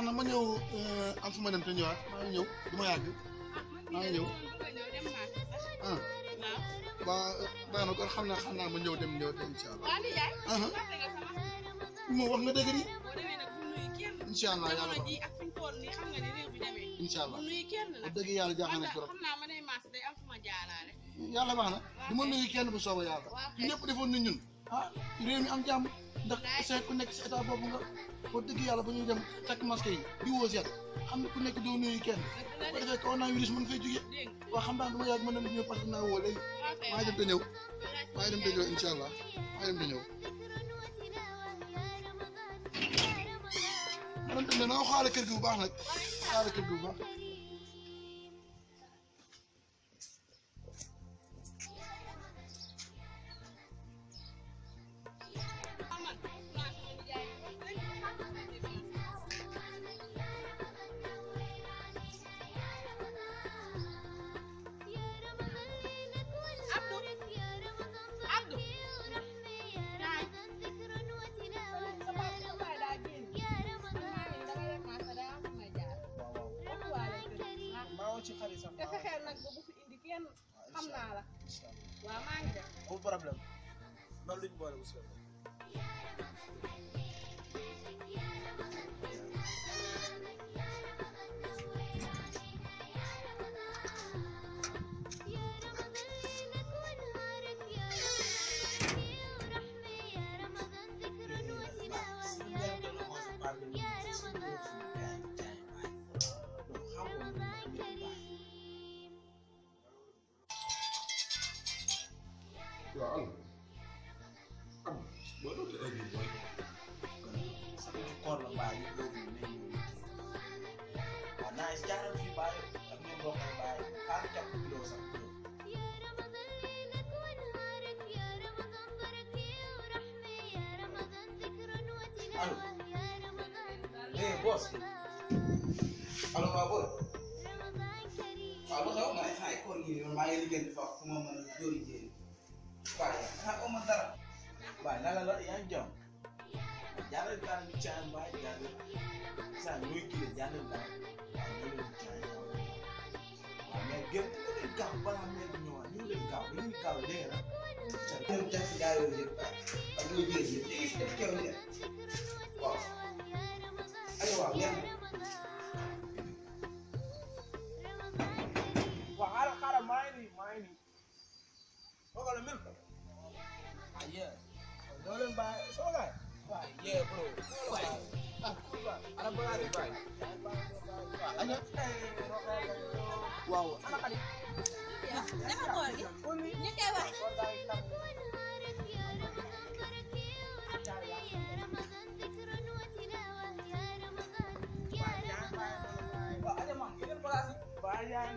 baax na ma ñëw euh, am ma dem te ñëwaat maa ngi ñëw du ma yàgg a ngi ñëw ah waaw baax na kon xam naa ma dem ñëw te incha allah ah, ah. moom wax nga dëgg di incha allah yàlla baax incha allah ne mass day am suma yalla baax na duma nuyu kenn bu yalla ñepp ni ñun ah réew mi am jàmm ndax seet ku nekk si état boobu nga wax dëgg yàlla ba ñuy dem takk masque yi di woo seet xam ku nekk doo nuyu kenn bu defee kaw naa virus mën fay jóge waa xam naa duma yàgg mën na ñëw parce dem te dem te dem te man dem kër gi bu baax kër gi bu baax waaw maa ngi def. bu problème. loolu la ñu boole bu soobee. waaw am am boo doon heure bii mooy kon koor la mbaa yi loolu nañ waaw naa si jaaral fii baay ak ñoom bokk na baay xaar jàpp kilo sax kilo allo eh boss allo waa boy waaw lu xew ma ne xaay koor gi maa ngi liggéey foofu fu ma mën a dóori jéem Vaya, ha umatara. Vaya, la la yan jom. Jalan kan chan bai jalan. Sa wiki jalan da. Me gem ko de gam bala me no, ni de gam, ni gam de na. Sa tem ta fi dawo de. Adu je je, ni de ke o de. Wow. Ayo wa, yeah. couldn't buy. It's all right. Right. Yeah, bro. Right. Anak ko lari, bro. Ano? Wow. Ano ka rin? Ano ko rin? Hindi ka ba? Bayan,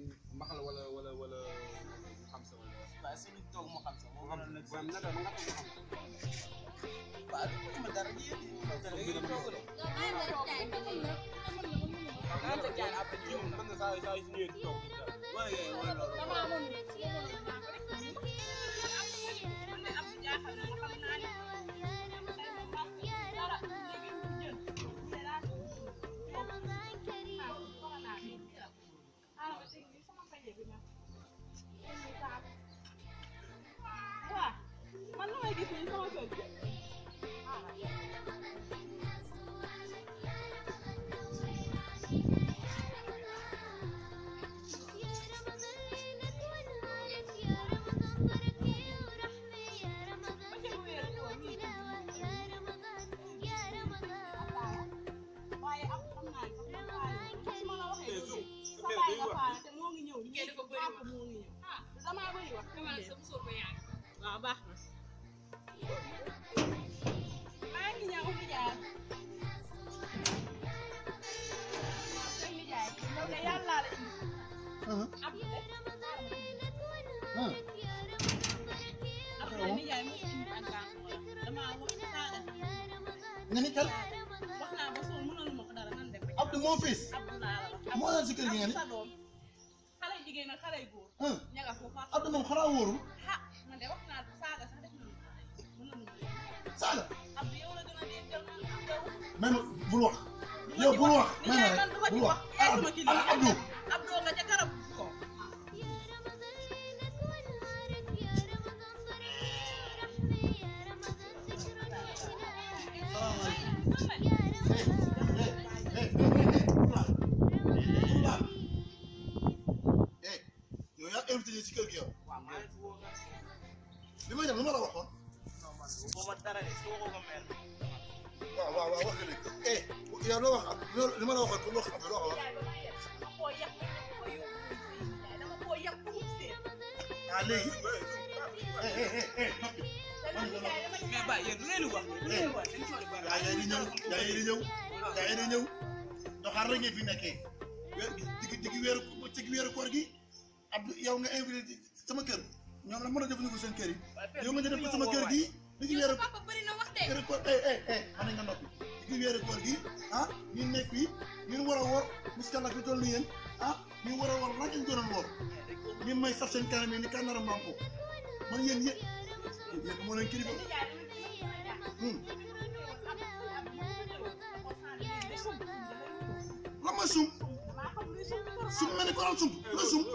asili dog makan semua kalau moo xam bam na dama nga xam E baax na nga ni kan abdu mon fils Sala. même bul wax. yow bul wax nee na rek bul wax ah Abdou. yow yaa invité ci kër gi yow. li ma dem lu ma la waxoon. waaw waaw waaw wax nga dëgg eh yow loo wax loolu li ma la waxoon loo xam ne loo wax. ah léegi. mais ba yéen lu leen di wax. lu leen di wax dañu soog a. yaa ngi di ñëw yaa ngi di ñëw yaa ngi di ñëw doxaar la ngeen fi nekkee weer digg digg weeru digg weeru koor gi ab yow nga invité sama kër ñoom la mën sama kerja? digui wéru papa bari na eh eh eh ana nga nopi digui wéru ko ah ñu nekk fi ñu wara wor muskala fi ah ñu wara wor la ñu gënon wor ñu may sax seen kanam ni kanara mampo man yeen yeen yeen mo sum sum mene ko sum lo sum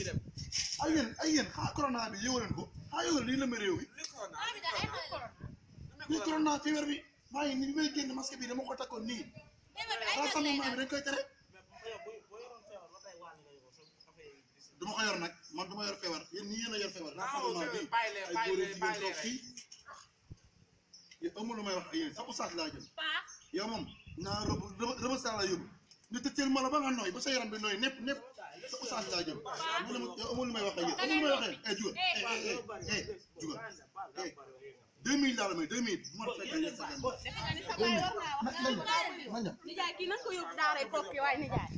sum ay yéen ay yéen xaa corona bi yéewaleen ko xaa yéewaleen lii lëmb réew yi lii corona feebar bi maa ngi nii bi may génn masque bi dama ko takkoon nii rassemblement bi dañ koy tere duma ko yor nag man duma yor feebar yéen ñi yéen yor feebar rassemblement ah, bi ay góor yi fii lu may wax ak yéen sax oustaz laa jëm yow moom naa rëbb rëbb saa la yóbbu ñu tëjteel ma la ba nga nooy ba sa yaram bi nooy nepp nepp oustaz laa jëm amul lu may wax ak yéen amul lu may wax ak yéen jugal jugal deux mille daal may deux mille bu ma fekk nijaay kii na ko yóbbu daaray kokki waaye nijaay